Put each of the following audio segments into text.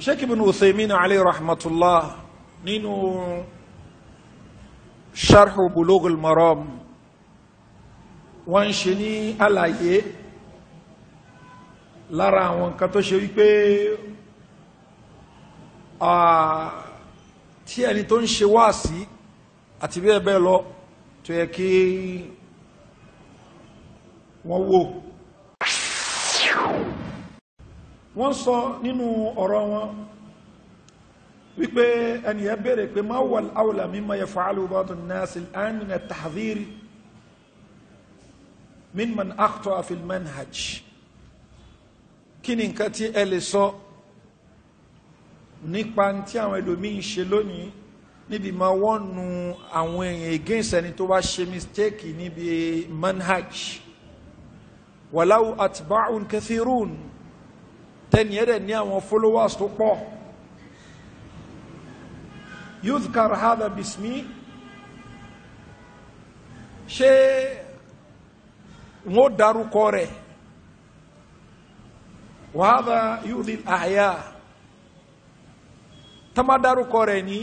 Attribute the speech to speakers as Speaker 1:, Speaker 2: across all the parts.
Speaker 1: sheikh ibn uthaymin alayhi rahmatullah nínú sharhu bulugul maram wọ́n ṣe ní àlàyé lára àwọn nǹkan tó ṣe wípé tí ẹni tó ń ṣe wáàsí àti bẹ́ẹ̀ bẹ́ẹ̀ lọ tó yẹ kí wọ́n wò wọ́n sọ nínú ọ̀rọ̀ wọn wípé ẹni ẹ bèèrè pé ma wà áwùlà mímọ yẹ fàálù bọ́tún náàsì ánìyàn tàhírí mímọ̀n àkùtọ̀ àfilmẹ́n hajj kí ni nǹkan tí ẹ lè sọ nípa tí àwọn ẹlòmíín ṣe lónìí níbi ma wọ́n nu àwọn èèyàn against ẹni tó bá ṣe mistake níbi manhaj wàláwù àtibáhùn kẹfìrún tẹ́ni ẹ̀rẹ̀ ní àwọn followers tó pọ̀ yudhkar hadha bismi ṣé wọ́n dárúkọ rẹ̀ wa hadha yudhil ahya tọ́má dárúkọ rẹ̀ ní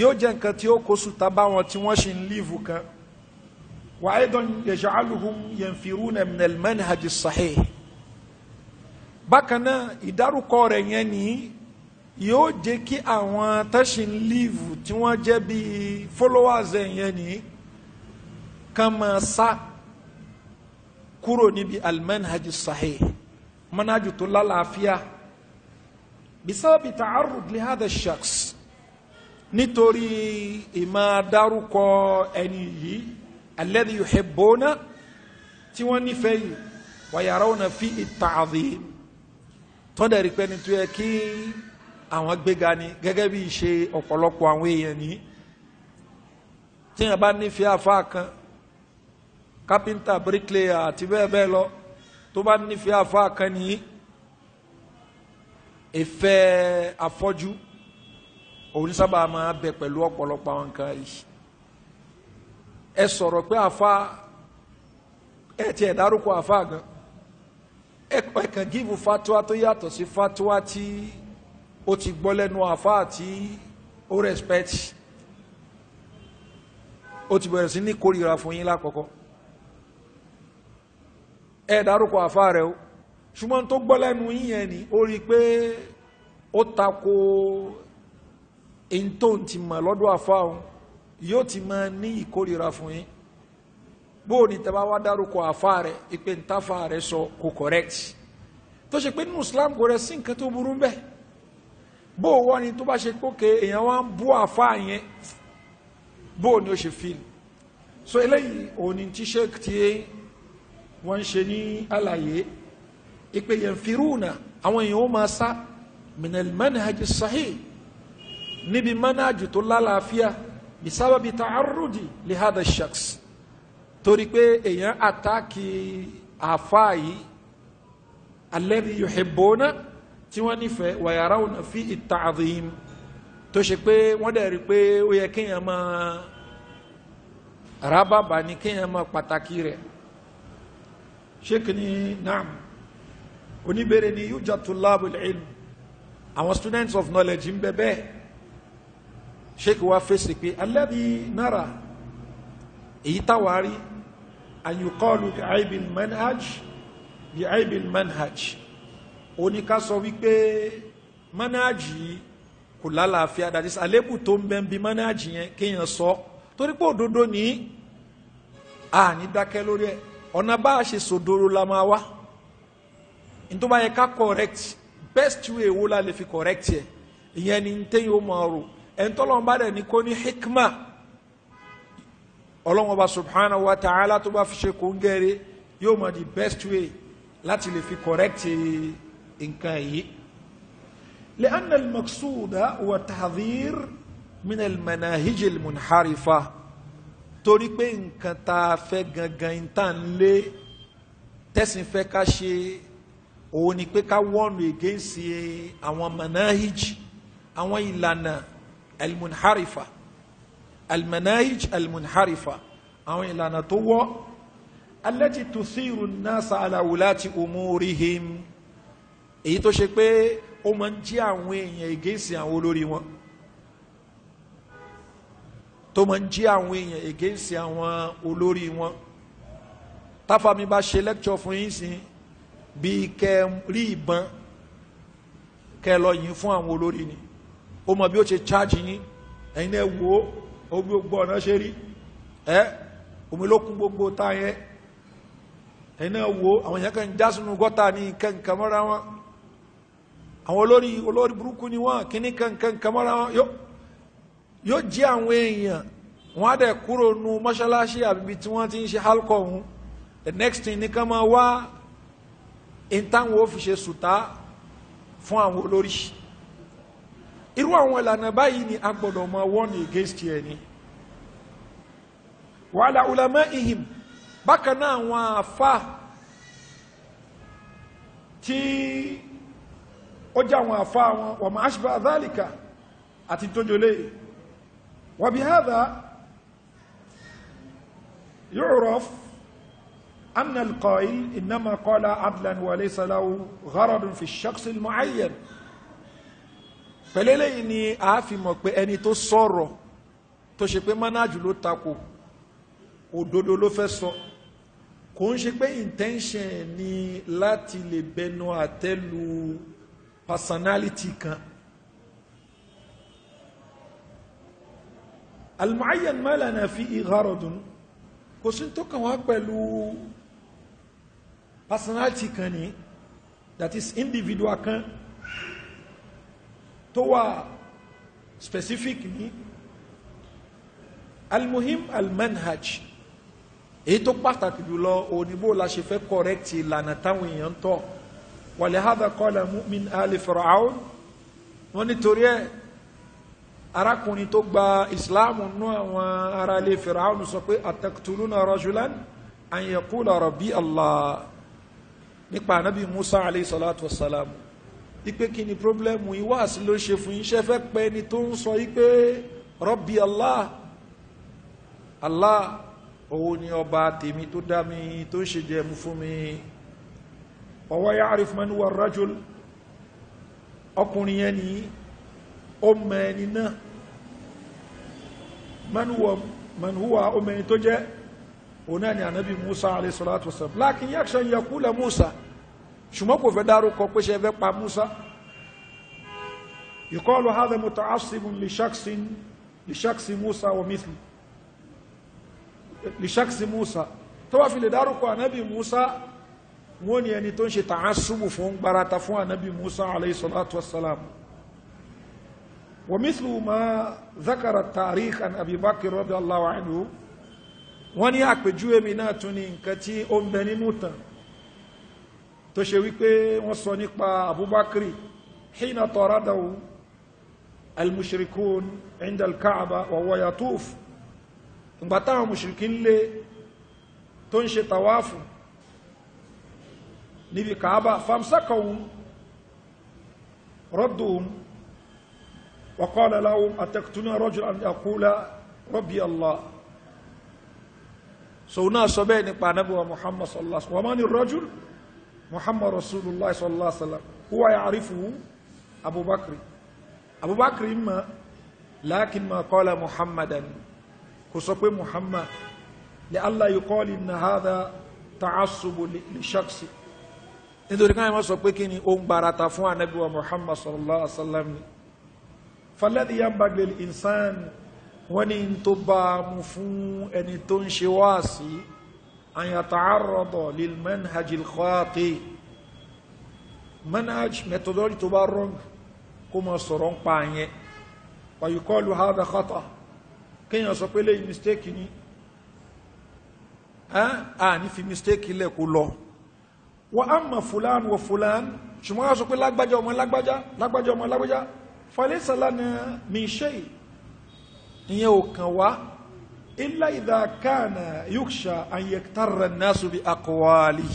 Speaker 1: yóò jẹ́ nǹkan tí ó kó sùta bá wọn tí wọ́n ṣe ń líìfù kan wa aidan yaj'aluhum yanfiruna min al-manhaj as-sahih bákan náà ìdárúkọ rẹ̀ yẹn nìyí yóò jẹ́ kí àwọn tẹ́sán líìvù tí wọ́n jẹ́ bíi followers ẹ̀ yẹn nìyí kan máa sá kúrò níbi almanhaj sahih manhaj tó lálàáfíà bisababi ta'arrud li hadha shakhs nítorí ìmọ̀ dárúkọ ẹni yìí alladhi yuhibbuna tí wọ́n nífẹ̀ẹ́ yìí wa yarawna fi ta'zim tọ́dẹ̀ rí pẹ́ni tó yẹ kí àwọn gbéga ni gẹ́gẹ́ bí ṣe ọ̀pọ̀lọpọ̀ àwọn èèyàn ní tíyàn bá nífẹ̀ẹ́ àfáà kan kápẹ́ńtà bíríkìlẹ̀yà àti bẹ́ẹ̀ bẹ́ẹ̀ lọ tó bá nífẹ̀ẹ́ àfáà kan ní ìfẹ́ afọ́jú òun sábà máa bẹ pẹ̀lú ọ̀pọ̀lọpọ̀ àwọn nǹkan yìí ẹ sọ̀rọ̀ pé àfáà ẹ tiẹ̀ dárúkọ àfáà gan-an ẹ kàn gíìfù fatuwa tó yàtọ̀ sí fatuwa tí ó ti gbọ́ lẹ́nu àfáà tí ó rẹ̀spẹ̀tì ó ti bẹ̀rẹ̀ sí ní kórìíra fún yín lákọ̀ọ́kọ́ ẹ dárúkọ àfáà rẹ o ṣùgbọ́n tó gbọ́ lẹ́nu yín yẹn ni ó rí i pé ó tako in tó ti mọ̀ lọ́dọ̀ àfáà òun yóò ti máa ní ìkórìíra fún yín bóòni tẹ́ bá wá dárúkọ àfa rẹ̀ ìpè ntàfa rẹ̀ sọ kò correct tó ṣe pé nínú Islam kò rẹ̀ sí nǹkan tó burú bẹ́ẹ̀ bóò tó bá ṣe pókè èèyàn wá ń bú àfa yẹn bóòni ó ṣe fíìl so eléyìí òní tí sheik tí wọ́n ń ṣe ní àlàyé ìpè yẹn firuna àwọn èèyàn ó máa sá minal manhaj sahih níbi manhaj tó lálàáfíà bisababi ta'arrudi li hadha shakhs torí pé èèyàn àtàkì àfáà yìí alladhi yuhibbuna tí wọ́n nífẹ̀ẹ́ wa yarawna fi ta'dhim tó ṣe pé wọ́n dẹ̀ rí pé ó yẹ kéèyàn máa rábàbà ní kéèyàn máa pàtàkì rẹ̀ sheikh ni naam oníbèrè ni yuja tullabul ilm àwọn students of knowledge ń bẹ bẹ́ẹ̀ sheikh wa fèsì pé alladhi nara èyí táwa rí an yuqalu bi aibin manhaj bi aibin manhaj ó ní ká sọ wípé manhaj yìí kò lálàáfíà that is àlébù tó ń bẹ ń bi yẹn kéèyàn sọ torí pé òdodo ní a ní dákẹ́ lórí ẹ̀ ọ̀nà bá a ṣe sòdoro la máa wá ní tó ká correct best way wo la lè fi correct yẹ ìyẹn ni téyìn ó máa rò ẹ̀ ń tọ́lọ́ ń bá dẹ̀ ní kó ní hikma ọlọ́wọ́n bá subhanahu wa ta'ala tó bá fi ṣe kó ń gẹ́rẹ́ yóò mọ the best way láti lè fi correct nǹkan yìí. لأن المقصود هو التحذير من المناهج المنحرفة torí pé nǹkan tá a fẹ́ gangan tá n lé tẹ̀sìn fẹ́ ká ṣe òun ni pé ká wọ́n against àwọn manahij àwọn ìlànà elmunharifa almanahij almunharifa àwọn ìlànà tó wọ́ allati tuthiru nasa ala wulati umurihim èyí tó ṣe pé ó máa ń jí àwọn èèyàn ègéèsì àwọn olórí wọn tó máa ń jí àwọn èèyàn ègéèsì àwọn olórí wọn táfàmì bá ṣe lẹ́kṣọ̀ fún yín sí bíi kẹ́ rí ìbọn kẹ́ lọ yìn fún àwọn olórí ni ó mọ bí ó ṣe chájì yín ẹ̀yin náà wò ó ó gbogbo ọ̀nà ṣe rí ẹ́ omi ló kún gbogbo ta yẹ ẹ̀nà wo àwọn èèyàn kan já sínú gọ́ta ní mọ́ra wọn àwọn olórí olórí burúkú ni wọn kíní kankan mọ́ra wọn yóò jí àwọn èèyàn wọn á dẹ̀ kúrò nu mọ́ṣáláṣí àbíbi tí wọ́n ti ń ṣe halkọ̀ ọ̀hún the next thing máa wá irú àwọn ìlànà báyìí ni a gbọ́dọ̀ máa warn against ẹ̀ ni wàhálà ulama ihim bákan náà àwọn afa tí ó jẹ́ àwọn afa wọn wọ́n máa ṣe bá dhalika àti tójúlé wa bihadha yu'raf anna al-qa'il innama qala adlan wa laysa lahu gharadun fi ash-shakhs al pẹ̀lẹ́lẹ́ yìí ni a fi mọ̀ pé ẹni tó sọ̀rọ̀ tó ṣe pé mọ́nájù ló takò òdodo ló fẹ́ sọ kò ń ṣe pé intention ni láti lè bẹnu àtẹ́lu personality kan almuayyan ma fi gharadun kò sí tó kàn wá pẹ̀lú personality kan ni that is individual kan tó wà specific ní almuhim almanhaj èyí tó pàtàkì jùlọ òníbó la ṣe fẹ́ correct ìlànà táwọn èèyàn tọ̀ walihada qala mu'min ali fir'aun wọ́n nítorí ẹ̀ arákùnrin tó gba islam nú àwọn ará ilé fir'aun sọ pé ataktuluna rajulan an yaqula rabbi allah nípa anabi musa alayhi salatu wasalamu ipe kí ni problem yìí wá sí ló ṣe fún iṣẹ́ fẹ́ pẹ́ ni tó ń sọ ipe rọ́bì Allah Allah owó ni ọba tèmi tó dá mi tó ṣe jẹ mú fún mi ọwọ́ ya'rif man huwa ar-rajul ọkùnrin yẹn ni ó mọ ẹni náà man huwa man huwa ọmọ ẹni tó jẹ́ òun náà ni ànábì Musa alayhi salatu wasalam lakin yakhsha an Musa ṣùgbọ́n kò fẹ́ dárúkọ pé ṣe fẹ́ pa Musa يقال هذا متعصب لشخص لشخص موسى ومثله لشخص موسى tó bá fi lè dárúkọ ànábì Musa wọ́n ní ẹni tó ń ṣe tàásùbù fún gbarata fún ànábì Musa alayhi salatu wassalam ومثل ما ذكر التاريخ عن أبي بكر رضي الله عنه wọ́n ní àpèjúwe mi náà tún ní nǹkan tí ó ń bẹ nínú tàn tó ṣe wípé wọ́n sọ nípa abubakri hina tọ́rádàwó almushrikun inda alkaaba wọ̀wọ̀ yatuf ìgbà táwọn mushrikin lé tó ń ṣe tawáfù níbi kaaba famsakawu rọ́dùn وقال لهم أتقتلون رجلا أن يقول ربي الله سونا سبين نبوة محمد صلى الله عليه وسلم ومن الرجل muhammad rasulullah sallallahu alaihi wasallam huwa ya'rifuhu abubakar abubakar ma lakin ma qala muhammadan kò sọ pé muhammad li allah yuqal inna hadha ta'assub li shakhsi nítorí kan ma sọ pé kíni ó ń gbarata fún anabi wa muhammad sallallahu alaihi wasallam falladhi yanbaghi lil insan wani tó bá mu fún ẹni tó ń ṣe wáàsí أن يتعرض للمنهج الخاطئ منهج methodology tó bá wrong kó má sọ̀rọ̀ ń pa yẹn ويقال هذا خطأ kéèyàn sọ pé léyìn mistake ni a ní fi mistake ilẹ̀ kó lọ wa amma fulan wa fulan ṣùgbọ́n a sọ pé lágbájá ọmọ lágbájá lágbájá ọmọ lágbájá falẹ́sàlá ni mi ṣe ìyẹn ò kàn wá illa idha kana yuksha an yaktarra an-nasu bi aqwali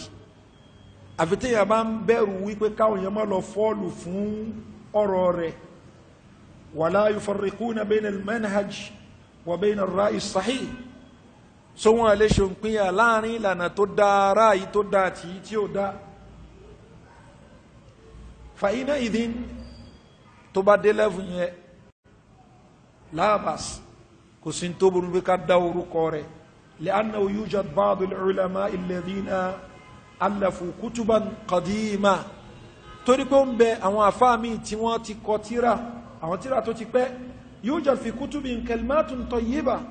Speaker 1: àfi téèyàn bá ń bẹ̀rù wípé káwọn yẹn má lọ fọ́ọ̀lù fún ọ̀rọ̀ rẹ̀ wala yufarriquna bayna al-manhaj wa bayna ar-ra'i as-sahih so wọn lè ṣe òpinya láàrin ìlànà tó dáa ráàyí tó dáa tí tí ó dáa fàyínà ìdín tó bá dé lẹ́fù yẹn láàbàsì kò sí tó burú bí ká dá orúkọ rẹ̀ li'annahu yujad ba'du al-ulama alladhina alafu kutuban qadima torí pé ó ń bẹ àwọn àfáàmì tí wọ́n ti kọ tíra àwọn tíra tó ti pẹ́ yujad fi kutubin kalimatun tayyiba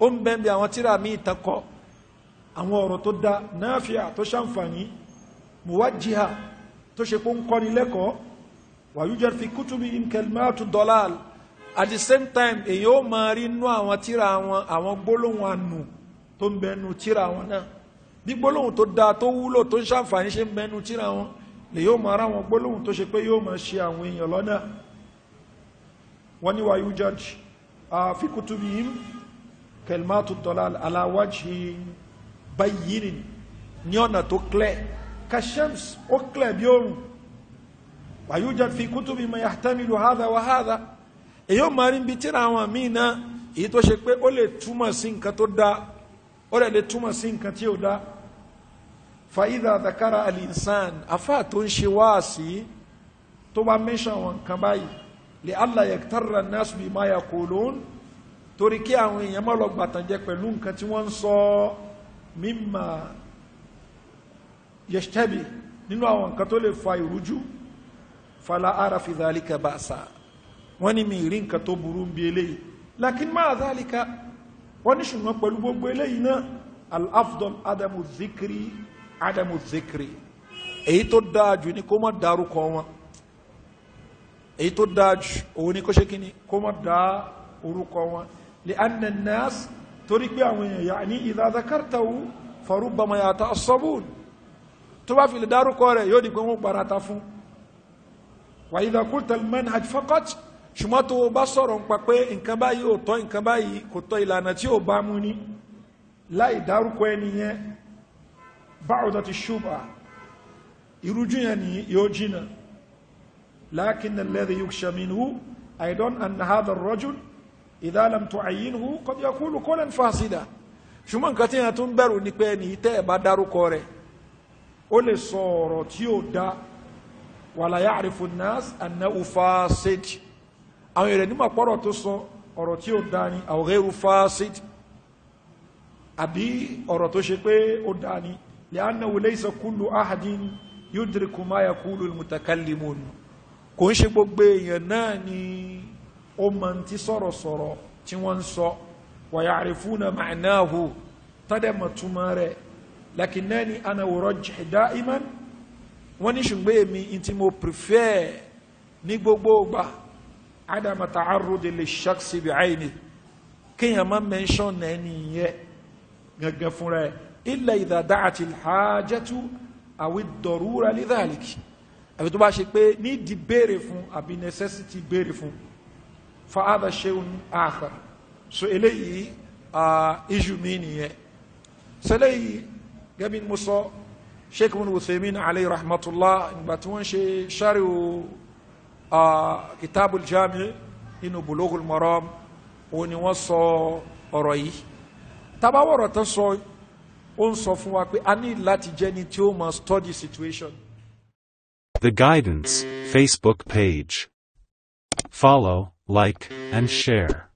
Speaker 1: ó ń bẹ bẹ àwọn tíra míì tán kọ àwọn ọ̀rọ̀ tó da náàfíà tó ṣàǹfààní muwajjiha tó ṣe kó ń kọ́ni lẹ́kọ̀ọ́ wa yujad fi kutubin kalimatun dalal at the same time èyí ó máa rí inú àwọn tíra wọn àwọn gbólóhùn ànù tó ń bẹnu tíra wọn náà bí gbólóhùn tó dáa tó wúlò tó ń ṣàǹfààní ṣe ń bẹnu tíra wọn lè yóò máa rá wọn gbólóhùn tó ṣe pé yóò máa ṣe àwọn èèyàn lọ́nà wọ́n ní wàyú judge fi kutubihim kalimatu dalal ala wajhi bayyin ní ọ̀nà tó clear kashams ó clear bí oòrùn wàyú judge fi kutubihim yahtamilu hadha wa hadha èyí ò máa rí ibi tíra àwọn míì náà èyí tó ṣe pé ó lè túmọ̀ sí nǹkan tó dáa ó lè lè túmọ̀ sí nǹkan tí ò dáa fàyídà dakara alinsan afa tó ń ṣe wáàsí tó bá mẹ́ṣàn wọn kan báyìí lè allah yaktarra nasu bí máa yaqulun torí kí àwọn èèyàn má lọ gbàtànjẹ pẹ̀lú nǹkan tí wọ́n ń sọ mímà yẹ̀ṣtẹ́bì nínú àwọn nǹkan tó lè fa ìrújú fala ara fi wọ́n ní mi rí nǹkan tó burú bí eléyìí lakin máa zálika wọ́n ní ṣùgbọ́n pẹ̀lú gbogbo eléyìí náà al-afdal adamu zikri adamu zikri èyí tó dáa jù ní kó má dárúkọ wọn èyí tó dáa jù òun ni kó ṣe kíni kó má dá orúkọ wọn li anna nas torí pé àwọn èèyàn ya'ni idha dhakartahu farubbama yata'assabun tó bá fi lè dárúkọ rẹ̀ yóò di pé wọ́n parata fún wa idha qulta al ṣùgbọ́n tó o bá sọ̀rọ̀ ń pa pé nǹkan báyìí ò tọ́ nǹkan báyìí kò tọ́ ìlànà tí ò bá mú ní láì dárúkọ ẹni yẹn ba'udati shubha ìrújú yẹn ni yóò jìnà lakin alladhi yukhsha minhu aidan an hadha ar-rajul idha lam tu'ayyinhu qad yaqulu qawlan fasida ṣùgbọ́n nǹkan tí yẹn tún bẹ̀rù ni pé ẹni tẹ́ ẹ bá dárúkọ rẹ̀ ó lè sọ tí ò da wala ya'rifu an-nas annahu fasid àwọn èèyàn nímọ̀ pọ́rọ̀ tó sọ ọ̀rọ̀ tí ó dání àwòrẹ́rù fásit àbí ọ̀rọ̀ tó ṣe pé ó dání li'annahu laysa kullu ahadin yudriku ma yaqulu al-mutakallimun kò ń ṣe gbogbo èèyàn náà ni ó máa ti sọ̀rọ̀sọ̀rọ̀ tí wọ́n ń sọ wa ya'rifuna ma'nahu tọ́dẹ̀mọ̀ túmọ̀ rẹ̀ lakinnani ana urajjih da'iman wọ́n ní ṣùgbọ́n èmi tí mo prefer ní gbogbo ìgbà adama ta'arrud li shakhsi bi'ayni kéèyàn má mention ẹni yẹn gangan fúnra ẹ̀ illa idha da'ati al-hajatu awi ad-darura li dhalik àbí tó bá ṣe pé nídìí béèrè fún àbí necessity béèrè fún fa hadha shay'un akhar so eléyìí issue mi nìyẹn sẹlẹyìí gẹbi mo sheikh ibn alayhi rahmatullah ìgbà tí wọn ṣe ṣáriwò. jami maram sọ ó ń sọ fún wa pé tí ó o study situation. The Guidance Facebook page. Follow, like, and share.